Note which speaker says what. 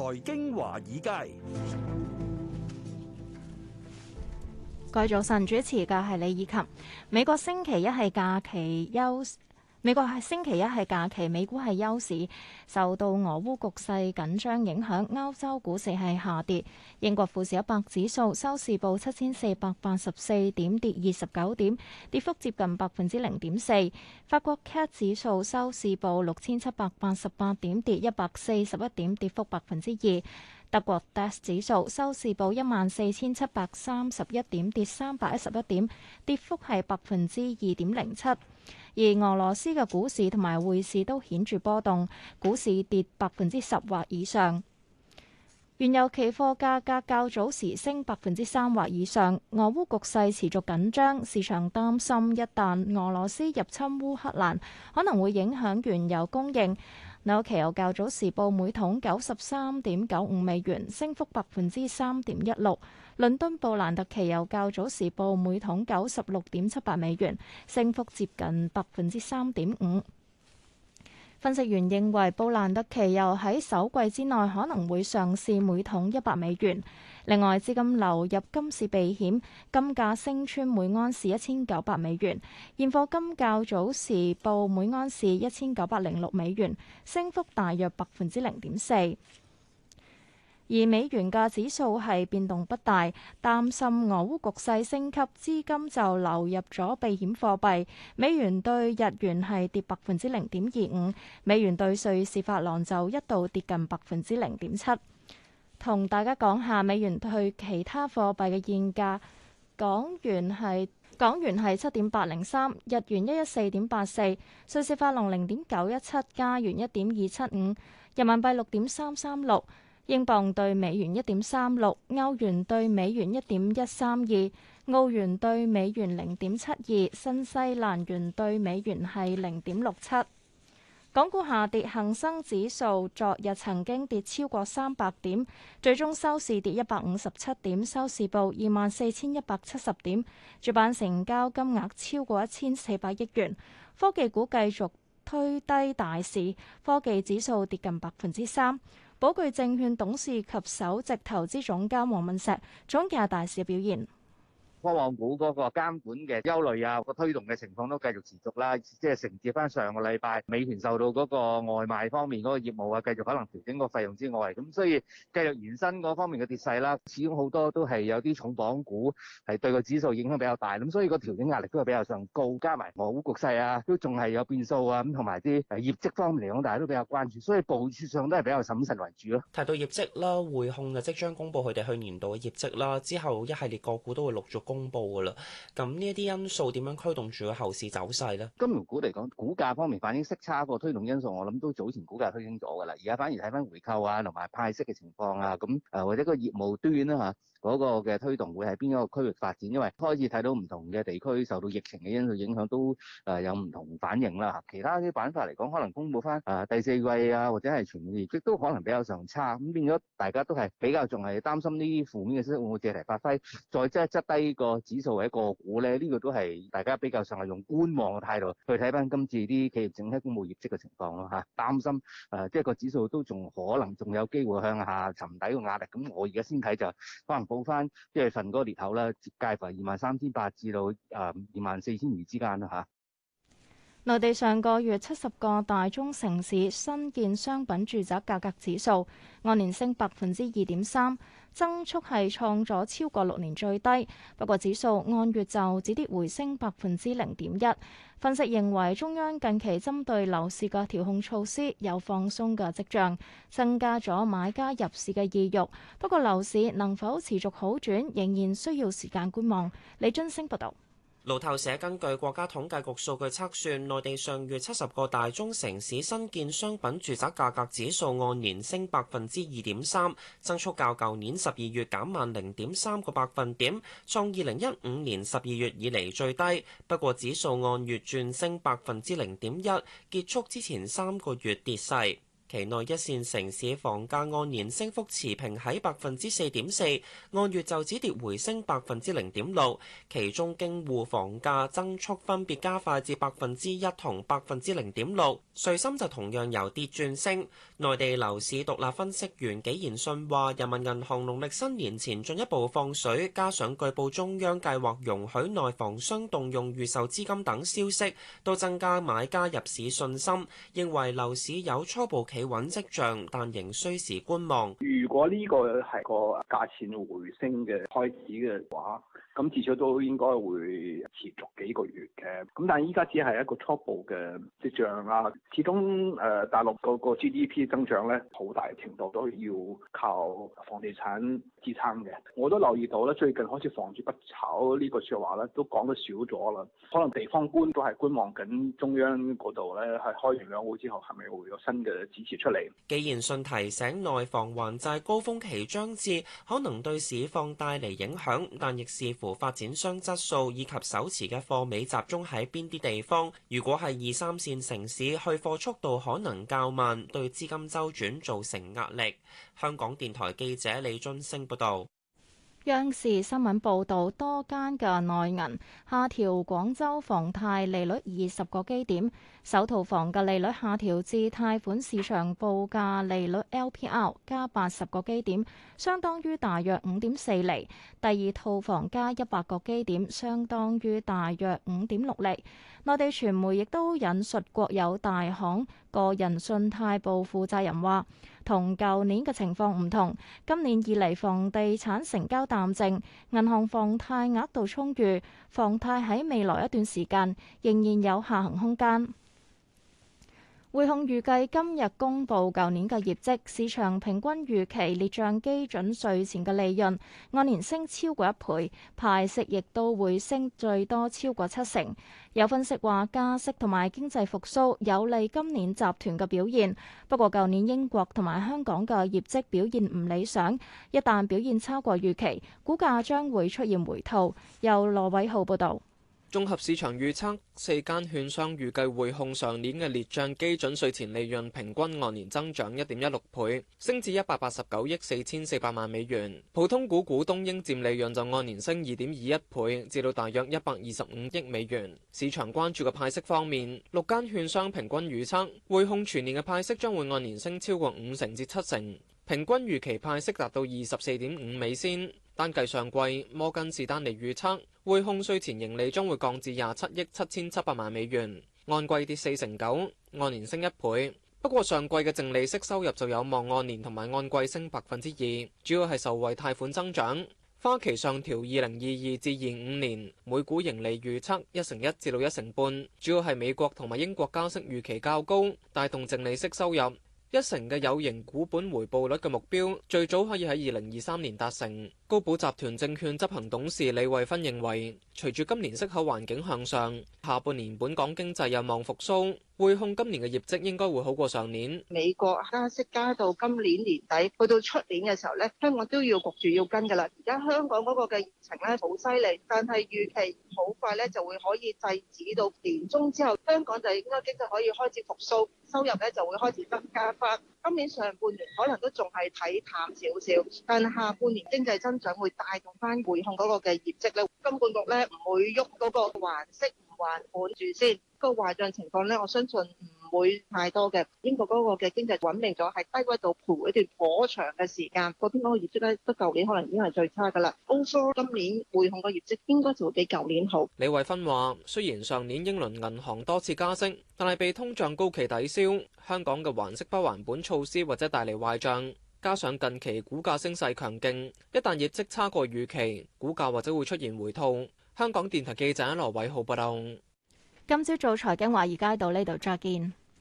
Speaker 1: 財經華爾街，
Speaker 2: 該早晨主持嘅係李綺琴。美國星期一係假期休。美國係星期一係假期，美股係休市。受到俄烏局勢緊張影響，歐洲股市係下跌。英國富時一百指數收市報七千四百八十四點，跌二十九點，跌幅接近百分之零點四。法國 CAC 指數收市報六千七百八十八點，跌一百四十一點，跌幅百分之二。德國 DAX 指數收市報一萬四千七百三十一點，跌三百一十一點，跌幅係百分之二點零七。而俄羅斯嘅股市同埋匯市都顯著波動，股市跌百分之十或以上，原油期貨價格較早時升百分之三或以上。俄烏局勢持續緊張，市場擔心一旦俄羅斯入侵烏克蘭，可能會影響原油供應。紐期油較早時報每桶九十三點九五美元，升幅百分之三點一六。倫敦布蘭特期油較早時報每桶九十六點七八美元，升幅接近百分之三點五。分析員認為布蘭特期油喺首季之內可能會上市每桶一百美元。另外，資金流入金市避險，金價升穿每盎司一千九百美元。現貨金較早時報每盎司一千九百零六美元，升幅大約百分之零點四。而美元嘅指數係變動不大，擔心俄烏局勢升級，資金就流入咗避險貨幣。美元對日元係跌百分之零點二五，美元對瑞士法郎就一度跌近百分之零點七。同大家講下美元對其他貨幣嘅現價，港元係，港元係七點八零三，日元一一四點八四，瑞士法郎零點九一七，加元一點二七五，人民幣六點三三六。英鎊兌美元一點三六，歐元兌美元一點一三二，澳元兌美元零點七二，新西蘭元兌美元係零點六七。港股下跌，恒生指數昨日曾經跌超過三百點，最終收市跌一百五十七點，收市報二萬四千一百七十點，主板成交金額超過一千四百億元。科技股繼續推低大市，科技指數跌近百分之三。寶具證券董事及首席投資總監黃敏石總結大市嘅表現。
Speaker 3: 科網股嗰個監管嘅憂慮啊，個推動嘅情況都繼續持續啦，即係承接翻上個禮拜美團受到嗰個外賣方面嗰個業務啊，繼續可能調整個費用之外，咁所以繼續延伸嗰方面嘅跌勢啦。始終好多都係有啲重磅股係對個指數影響比較大，咁所以個調整壓力都係比較上高，加埋俄烏局勢啊，都仲係有變數啊，咁同埋啲誒業績方面嚟講，大家都比較關注，所以部署上都係比較審慎為主咯、啊。
Speaker 1: 提到業績啦，匯控就即將公布佢哋去年度嘅業績啦，之後一系列個股都會陸續公布㗎喇，
Speaker 3: 咁呢一啲因素點樣驅動住個後市走勢咧？金融股嚟講，股價方面反映息差個推動因素，我諗都早前股價推升咗㗎喇，而家反而睇返回購啊，同埋派息嘅情況啊，咁、呃、誒或者個業務端啦、啊、嚇。嗰個嘅推動會喺邊一個區域發展？因為開始睇到唔同嘅地區受到疫情嘅因素影響，都誒有唔同反應啦。其他啲板塊嚟講，可能公布翻誒第四季啊，或者係全年業績都可能比較上差，咁變咗大家都係比較仲係擔心呢啲負面嘅消息會唔會借題發揮，再即係質低個指數一個股咧，呢個都係大家比較上係用觀望嘅態度去睇翻今次啲企業整體公布業績嘅情況咯嚇、啊，擔心誒即係個指數都仲可能仲有機會向下沉底個壓力。咁我而家先睇就可能。補翻一月份嗰個裂口啦，介乎二萬三千八至到啊二萬四千二之間啦吓。
Speaker 2: 內地上個月七十個大中城市新建商品住宅價格指數按年升百分之二點三，增速係創咗超過六年最低。不過指數按月就止跌回升百分之零點一。分析認為，中央近期針對樓市嘅調控措施有放鬆嘅跡象，增加咗買家入市嘅意欲。不過樓市能否持續好轉，仍然需要時間觀望。李津升報道。
Speaker 1: 路透社根據國家統計局數據測算，內地上月七十個大中城市新建商品住宅價格指數按年升百分之二點三，增速較舊年十二月減慢零點三個百分點，創二零一五年十二月以嚟最低。不過指數按月轉升百分之零點一，結束之前三個月跌勢。期內，一線城市房價按年升幅持平喺百分之四點四，按月就止跌回升百分之零點六。其中，京滬房價增速分別加快至百分之一同百分之零點六，穗深就同樣由跌轉升。內地樓市獨立分析員紀賢信話：人民銀行農曆新年前進一步放水，加上據報中央計劃容許內房商動用預售資金等消息，都增加買家入市信心，認為樓市有初步企穩跡象，但仍需時觀望。
Speaker 3: 如果呢個係個價錢回升嘅開始嘅話，咁至少都應該會持續幾個月嘅，咁但係依家只係一個初步嘅跡象啦。始終誒大陸嗰個 GDP 增長咧，好大程度都要靠房地產支撐嘅。我都留意到咧，最近開始房住不炒呢個說話咧，都講得少咗啦。可能地方官都係觀望緊中央嗰度咧，係開完兩會之後，係咪會有新嘅指示出嚟？
Speaker 1: 既然信提醒內房還債高峰期將至，可能對市況帶嚟影響，但亦視乎。發展商質素以及手持嘅貨尾集中喺邊啲地方？如果係二三線城市，去貨速度可能較慢，對資金周轉造成壓力。香港電台記者李俊升報道。
Speaker 2: 央視新聞報道，多間嘅內銀下調廣州房貸利率二十個基點，首套房嘅利率下調至貸款市場報價利率 LPR 加八十個基點，相當於大約五點四厘；第二套房加一百個基點，相當於大約五點六厘。內地傳媒亦都引述國有大行個人信貸部負責人話。同舊年嘅情況唔同，今年以嚟房地產成交淡靜，銀行房貸額度充裕，房貸喺未來一段時間仍然有下行空間。匯控預計今日公布舊年嘅業績，市場平均預期列帳基準稅前嘅利潤按年升超過一倍，派息亦都會升最多超過七成。有分析話加息同埋經濟復甦有利今年集團嘅表現，不過舊年英國同埋香港嘅業績表現唔理想，一旦表現超過預期，股價將會出現回吐。由羅偉浩報導。
Speaker 4: 綜合市場預測，四間券商預計滙控上年嘅列賬基準稅前利潤平均按年增長一點一六倍，升至一百八十九億四千四百萬美元。普通股股東應佔利潤就按年升二點二一倍，至到大約一百二十五億美元。市場關注嘅派息方面，六間券商平均預測滙控全年嘅派息將會按年升超過五成至七成，平均預期派息達到二十四點五美仙。單計上季，摩根士丹利預測匯控稅前盈利將會降至廿七億七千七百萬美元，按季跌四成九，按年升一倍。不過上季嘅淨利息收入就有望按年同埋按季升百分之二，主要係受惠貸款增長。花旗上調二零二二至二五年，每股盈利預測一成一至到一成半，主要係美國同埋英國加息預期較高，帶動淨利息收入。一成嘅有形股本回報率嘅目標最早可以喺二零二三年達成。高寶集團證券執行董事李慧芬認為，隨住今年息口環境向上，下半年本港經濟有望復蘇。匯控今年嘅業績應該會好過上年。
Speaker 3: 美國加息加到今年年底，去到出年嘅時候咧，香港都要焗住要跟噶啦。而家香港嗰個嘅疫情咧好犀利，但係預期好快咧就會可以制止到年中之後，香港就應該經濟可以開始復蘇，收入咧就會開始增加。翻今年上半年可能都仲係睇淡少少，但下半年經濟增長會帶動翻匯控嗰個嘅業績咧。金管局咧唔會喐嗰個環式。還按住先，個壞帳情況呢，我相信唔會太多嘅。英國嗰個嘅經濟穩定咗，喺低位度盤一段好長嘅時間，嗰邊嗰個業績咧，得舊年可能已經係最差噶啦。歐科今年匯控嘅業績應該就會比舊年好。
Speaker 4: 李慧芬話：雖然上年英倫銀行多次加息，但係被通脹高企抵消。香港嘅還息不還本措施或者帶嚟壞帳，加上近期股價升勢強勁，一旦業績差過預期，股價或者會出現回吐。香港電台記者羅偉浩報道。
Speaker 2: 今朝早財經華爾街到呢度再見。